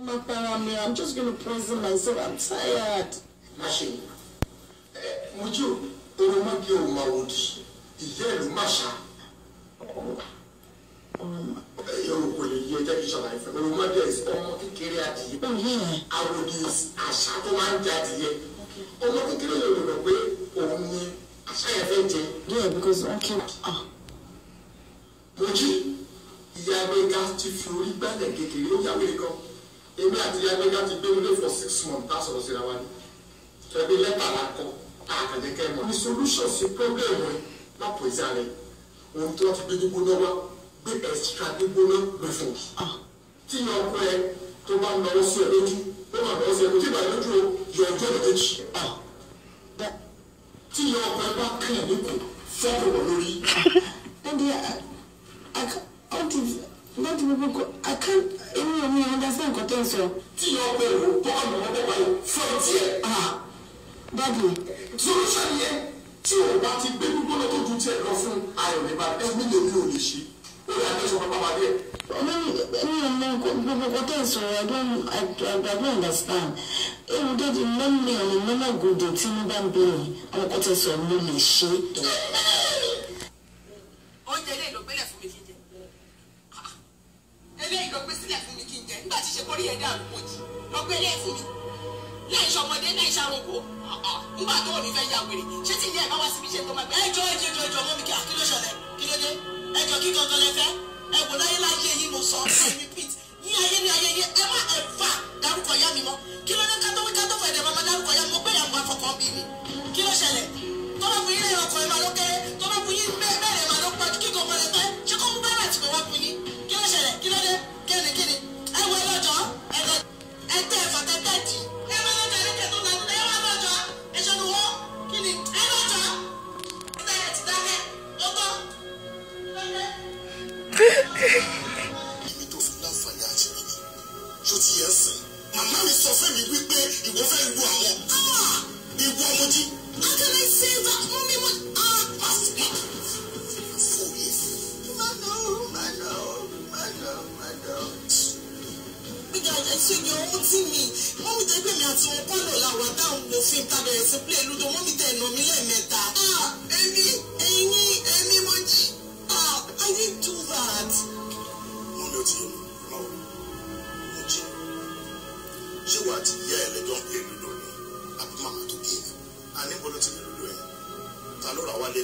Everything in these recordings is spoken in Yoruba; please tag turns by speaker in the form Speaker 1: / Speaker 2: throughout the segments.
Speaker 1: my family, I'm just going to poison myself. I'm tired. Máṣe eh, would you? mọ́gí òun máa wòdì ìyá ìlú máṣá. Yorùbá kò lè yẹ jẹ́ kí ṣàlàyé Yeah, because wọ́n kí wọ́n. Mojú ìyá Gbéga ti fi orí gbálẹ̀ èmi àti agbẹ́gá ti gbé wọlé for six months tá a sọ̀rọ̀ síra wa ní ẹgbẹ́ lẹ́tà la kọ àkàndé kẹ́mọ̀ ní solution sí problem rẹ lápò ìsá rẹ ohun tí wọ́n ti gbé gbígbóná wá gbé extra gbígbóná gbé fún un ah. tí yàn ọkọ ẹ tó bá ń lọ sí ẹ lójú ó máa lọ sí ẹ lójú ìbàdàn lójú yọ ọjọ́ méjì ah. tí yàn ọkọ ẹ bá kẹ́yìn nípò fọ́ọ̀rọ̀ lórí. people go I can't èmi ò me understand nǹkan tó ń sọ. tí yóò pé ìlú bọ́ọ̀lù wọn bẹ́ẹ̀ báyìí fún ẹ̀ tiẹ̀. dábì. tí o ṣe yẹ tí o bá ti gbé gbígbóná tó ju tiẹ̀ lọ fún ayọ̀ nípa ẹ̀mí lèmi ò lè ṣe ó yà á tẹ̀sán bàbá bàbá yẹ. mi ò mọ gbogbo tó ń sọ̀rọ̀ I don't I, don't understand. Èrò dédé mọ́mí ọ̀nà mọ́nà gòdè tí mo bá ń bèrè àwọn kọ́tẹ́sọ̀ mo lè ṣe. jẹ nígbà tí ṣe kórí ẹ̀ dàrú kò jì lọ́gbẹ́ ilé ẹ̀fún mi láì ṣọmọdé láì ṣàròkò nígbà tó òní fẹ́ ya wèrè ṣé tí ilé ẹ̀ bá wá síbi ṣe tó máa gbé. ẹjọ́ ẹjọ́ ẹjọ́ ẹjọ́ mọ́mí kí ló ṣẹlẹ̀ kí ló dé kí gangan lẹ fẹ́ láyé láyé yìí mo sọ ẹ repeat ní ayé ní ayé yẹn ẹ má ẹ fà dárúkọ yá mi mọ́ kí ló dé máa dárúkọ yá mi mọ́ pé rántí mi ọ̀hún tí mi mọ́mí tẹ́ pèmí àti wọn kọ́ lò làwọn táwọn kò fi ta bẹ̀rẹ̀ sí play ludo mọ́mí tẹ́ nà mí lẹ́ẹ̀mẹ́ta. èmi èmi èmi mo jí. I didn't do that. mo ní o ti yẹ mo mo jí ṣé wàá ti yẹ ẹ lẹjọ play ludo ni àbí màmá tó bí mi a ní bọ́lá ti lè ludo ẹ̀ ta ló rà wálé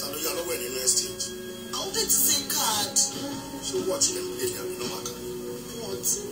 Speaker 1: ta ló yá lọ́wọ́ ẹ̀ nínú estate. I wanted to say card. ṣé wọ́n ti lè mú èèyàn nínú What? wọ́n ti.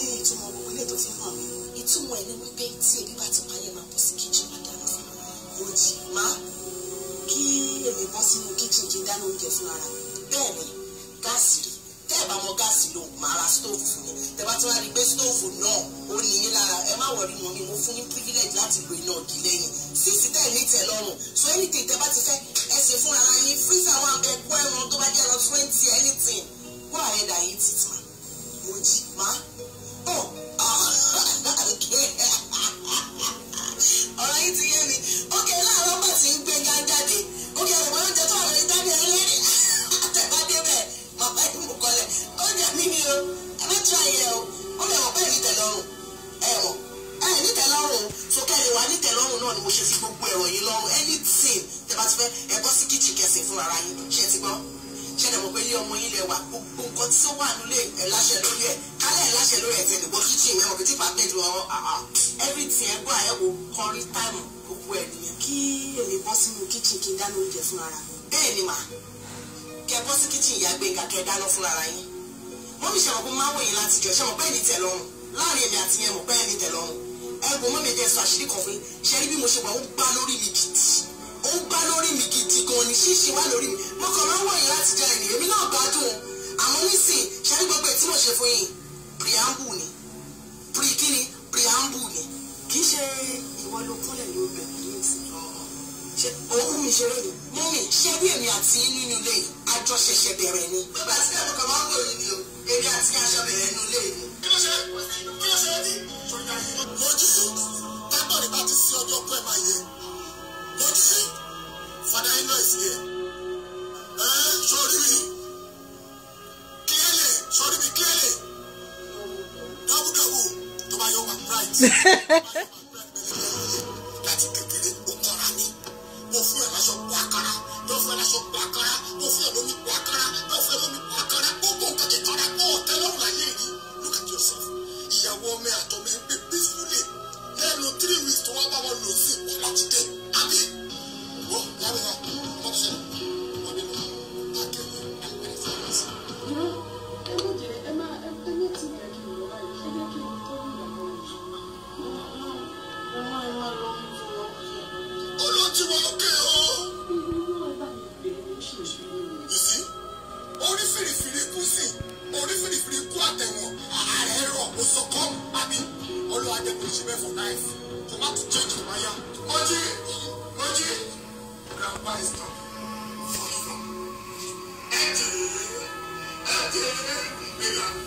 Speaker 1: ní ìtumọ̀ gbogbo ilé tó fi hàn mí ìtumọ̀ ẹ̀ ni wípé tí ebi bá ti pa yẹn máa bọ́ sí kíchìn máa dáná fún un òjì má kí èmi bọ́ sínú kíchìn kí n dáná oúnjẹ fún ara bẹ́ẹ̀ ni gáàsì rí tẹ́ ẹ̀ bá mọ gáàsì lò máa ra stóòfù fún mi tẹ́ bá ti wá rí i pé stóòfù náà ó ní yín lára ẹ má wọrí mọ́ mi mo fún ní privilege láti lo iná ọ̀gì lẹ́yìn sísì tẹ́ ẹ̀ ní tẹ̀ lọ́rùn so anything tẹ́ bá ti fẹ́ ẹ ṣe fún ara yín freezer wa ẹ kó ẹran tó bá jẹ́ lọ twenty anything go ahead and eat it ma mo ma ọ̀rọ̀ yìí ti yé mi ókè láàárọ̀ bá ti ń gbé ga jáde ókè àwọn oúnjẹ tó wà lórí tábìlì ẹlẹ́rìí àtẹ̀bá débẹ̀ màmá yìí mú kọlẹ̀ oúnjẹ mi ni o ẹ má tún ayẹ o ó lè wọ́n bẹ́ẹ̀ ní tẹ̀lọ́rùn ẹ wọ̀ ẹ ní tẹ̀lọ́rùn sókè lè wà ní tẹ̀lọ́rùn náà ni mo ṣe fi gbogbo ẹ̀rọ yìí lọ́rùn anything tẹ bá ti fẹ́ ẹ bọ́ sí kíchìn kẹsì fún ara yín ṣe ti gbọ́ ṣẹlẹ̀ mọ̀ pé ilé ọmọ yín lẹ wà gbogbo nǹkan tí ó wà nílé ẹ̀ láṣẹ lórí ẹ̀ kálẹ̀ ẹ̀ láṣẹ lórí ẹ̀ tẹ̀ lè kíchìn ìyẹn mọ̀ pé tí pàtẹ́ ọ̀rọ̀ ah, ah. everything ẹ̀gbọ́n àyẹ̀wò kọrí táìmù gbogbo ẹ̀ nìyẹn. kí èmi bọ́ sínú kíchìn kí n dáná oúnjẹ fún ara mi. bẹ́ẹ̀ ni mà kẹ bọ́ sí kíchìn ìyá gbẹ̀ngà kẹ dáná fún ara yín mọ́mí ṣe mọ̀ pé máa wòye láti jọ ṣe mọ̀ pé ẹni tẹ̀ lọ́rùn láàrin èmi àti yẹn mọ̀ pé ẹni tẹ̀ lọ́rùn ẹ wo mọ́mí ẹ̀dẹ̀ sọ àṣírí kan pé ṣe rí bí mo ṣe wà ó gbá lórí mi jìtì ó ń bá lórí mi gidi gan ni ṣíṣe wá lórí mi mo kàn máa ń wọ̀nyí láti jẹ ẹ̀yìn èmi náà gbádùn àmọ́ nísìn ṣáà ní gbogbo ẹ̀ tí mo ṣe fún yín preamble ni pre kíni preamble ni kì í ṣe ìwọ ló kúnlẹ̀ ló bẹ̀rẹ̀ ní ìsìn òun mi ṣeré ni mú mi ṣe bí èmi àti nínú ilé àjọ ṣẹ̀ṣẹ̀ bẹ̀rẹ̀ ni. bàbá àti ẹ̀rọ kan máa ń wò yín ni o èmi àti àjọ bẹ̀rẹ̀ nínú ilé mi. kí ló ṣe kí ló ṣe é mojú sí tábọ̀ nípa ti sí ọjọ́ pẹ́ máa yẹ mojú sí. Father Enoch is here. Ẹ sọrí mi clearly sọrí mi clearly double double tó bá yọ wà Look at yourself. Ìyàwó ọmọ ẹ̀ àtọ́mọ ẹ̀ me, be peacefully lẹ́nu three weeks tó wá bá wọn lò sí ìpàlà ti tí wọ́n lókè o. ìsí orí fìrìfìrì kú sí orí fìrìfìrì kú àtẹ̀wọ̀n ààrẹ rọ̀ òsòkọ́ àbí ọlọ́wà jẹ́ kò ṣe for life kò má tún jẹ́ jù wáyà. ọjí ọjí grandpa is talking. Thank you.